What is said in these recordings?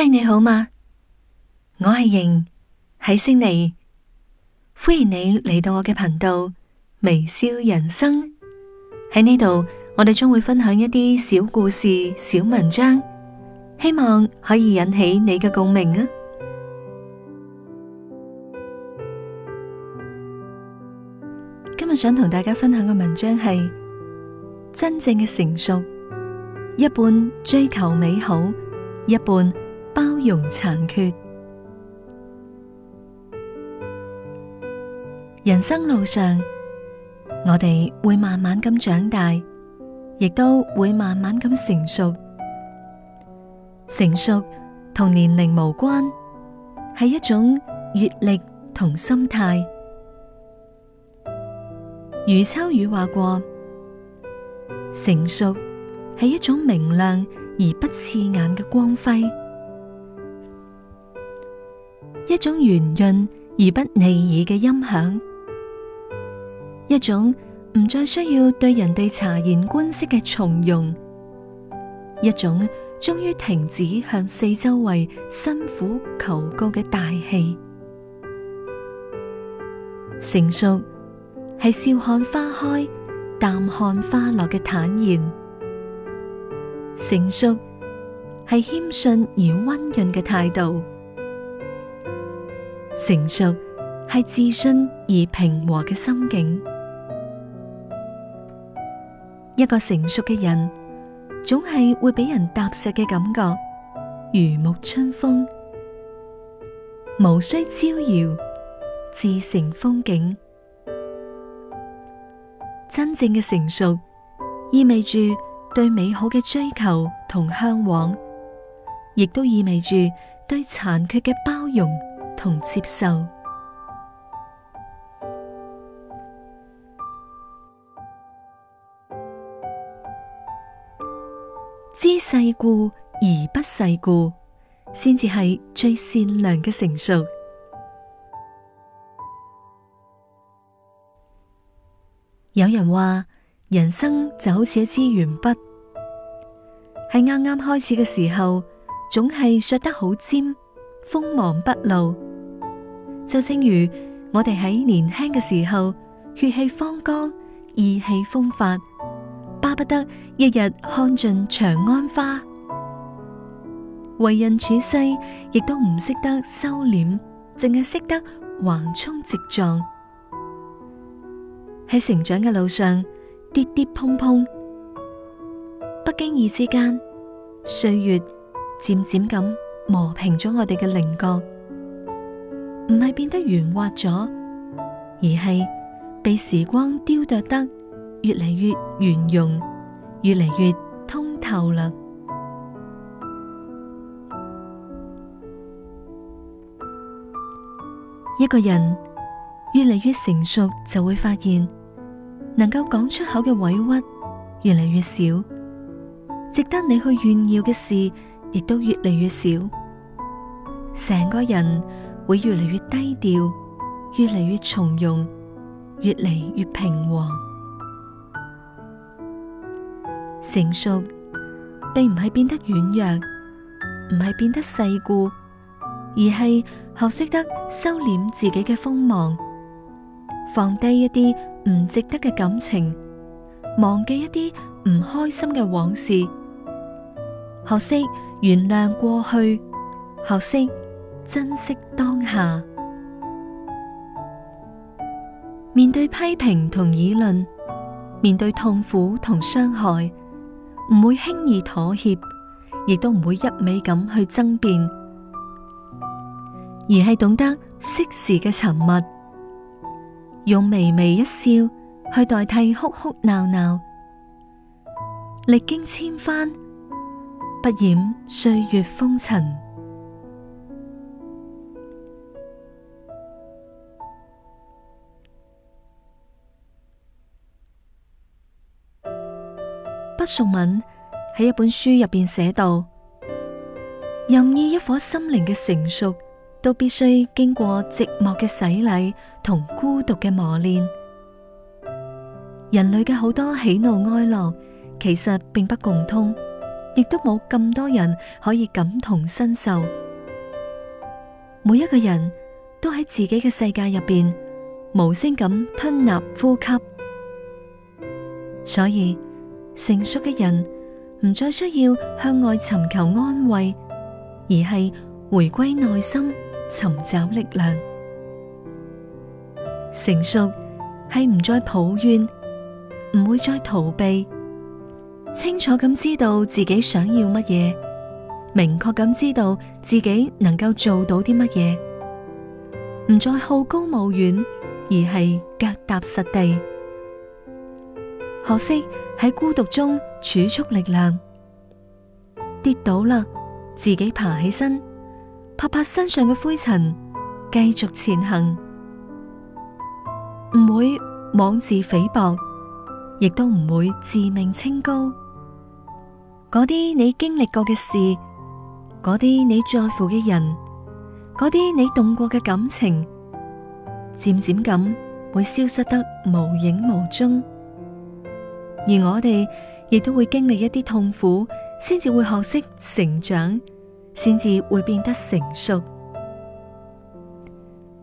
嗨，你好嘛？我係瑩，喺悉尼，歡迎你嚟到我嘅頻道微笑人生。喺呢度，我哋將會分享一啲小故事、小文章，希望可以引起你嘅共鳴啊！今日想同大家分享嘅文章係真正嘅成熟，一半追求美好，一半。包容殘缺，人生路上，我哋會慢慢咁長大，亦都會慢慢咁成熟。成熟同年齡無關，係一種閱歷同心態。余秋雨話過：成熟係一種明亮而不刺眼嘅光輝。一種圓潤而不膩耳嘅音響，一種唔再需要對人哋察言觀色嘅從容，一種終於停止向四周圍辛苦求告嘅大氣。成熟係笑看花開、淡看花落嘅坦然，成熟係謙遜而溫潤嘅態度。成熟係自信而平和嘅心境。一個成熟嘅人，總係會俾人踏實嘅感覺，如沐春風，無需招搖，自成風景。真正嘅成熟，意味住對美好嘅追求同向往，亦都意味住對殘缺嘅包容。同接受，知世故而不世故，先至係最善良嘅成熟。有人話，人生就好似一支鉛筆，喺啱啱開始嘅時候，總係削得好尖，鋒芒畢露。就正如我哋喺年輕嘅時候，血氣方剛、意氣風發，巴不得一日看盡長安花。為人處世亦都唔識得收斂，淨係識得橫衝直撞。喺成長嘅路上跌跌碰碰，不經意之間，歲月漸漸咁磨平咗我哋嘅稜角。唔係變得圓滑咗，而係被時光雕琢得越嚟越圓融，越嚟越通透啦。 一個人越嚟越成熟，就會發現能夠講出口嘅委屈越嚟越少，值得你去炫耀嘅事亦都越嚟越少，成個人。會越嚟越低調，越嚟越從容，越嚟越平和。成熟並唔係變得軟弱，唔係變得世故，而係學識得收斂自己嘅鋒芒，放低一啲唔值得嘅感情，忘記一啲唔開心嘅往事，學識原諒過去，學識。珍惜當下，面對批評同議論，面對痛苦同傷害，唔會輕易妥協，亦都唔會一味咁去爭辯，而係懂得適時嘅沉默，用微微一笑去代替哭哭鬧鬧，歷經千帆，不染歲月風塵。宋文喺一本書入邊寫道：任意一顆心靈嘅成熟，都必須經過寂寞嘅洗禮同孤獨嘅磨練。人類嘅好多喜怒哀樂，其實並不共通，亦都冇咁多人可以感同身受。每一個人都喺自己嘅世界入邊，無聲咁吞納呼吸，所以。成熟嘅人唔再需要向外尋求安慰，而係回歸內心尋找力量。成熟係唔再抱怨，唔會再逃避，清楚咁知道自己想要乜嘢，明確咁知道自己能夠做到啲乜嘢，唔再好高騖遠，而係腳踏實地。學識喺孤獨中儲蓄力量，跌倒啦，自己爬起身，拍拍身上嘅灰塵，繼續前行。唔會妄自菲薄，亦都唔會自命清高。嗰啲你經歷過嘅事，嗰啲你在乎嘅人，嗰啲你動過嘅感情，漸漸咁會消失得無影無蹤。而我哋亦都會經歷一啲痛苦，先至會學識成長，先至會變得成熟。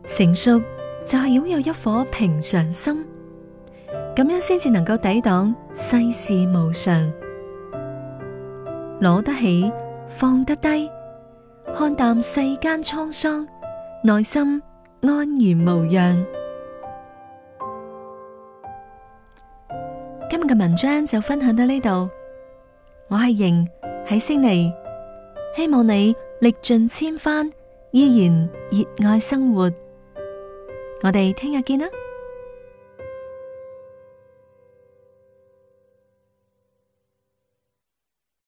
成熟就係擁有一顆平常心，咁樣先至能夠抵擋世事無常，攞得起，放得低，看淡世間滄桑，內心安然無恙。嘅文章就分享到呢度，我係瑩喺悉尼，希望你歷盡千帆依然熱愛生活，我哋聽日見啦。